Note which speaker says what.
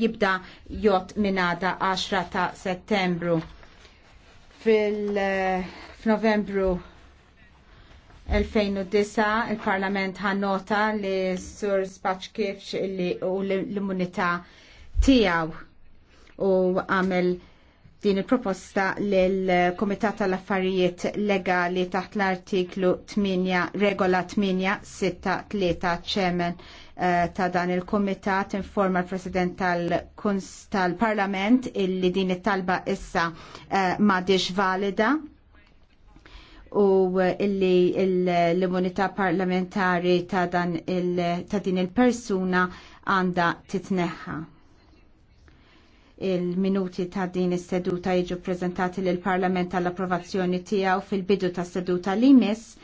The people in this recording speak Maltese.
Speaker 1: jibda jot minada 10 ta' settembru. Fil-Novembru eh, 2009 il-Parlament ħannota li Sur Spaċkifx u l immunita tijaw u għamil din il-proposta l-Komitat tal-Affarijiet Legali taħt l-artiklu 8, regola 863 ċemen eh, ta' dan il-Komitat informa l-President tal-Parlament illi din it-talba issa eh, madix valida u illi l-immunità parlamentari ta' din il-persuna għanda titneħħa il-minuti ta' din is-seduta jiġu prezentati lill parlament tal-approvazzjoni tiegħu fil-bidu tas seduta li jmiss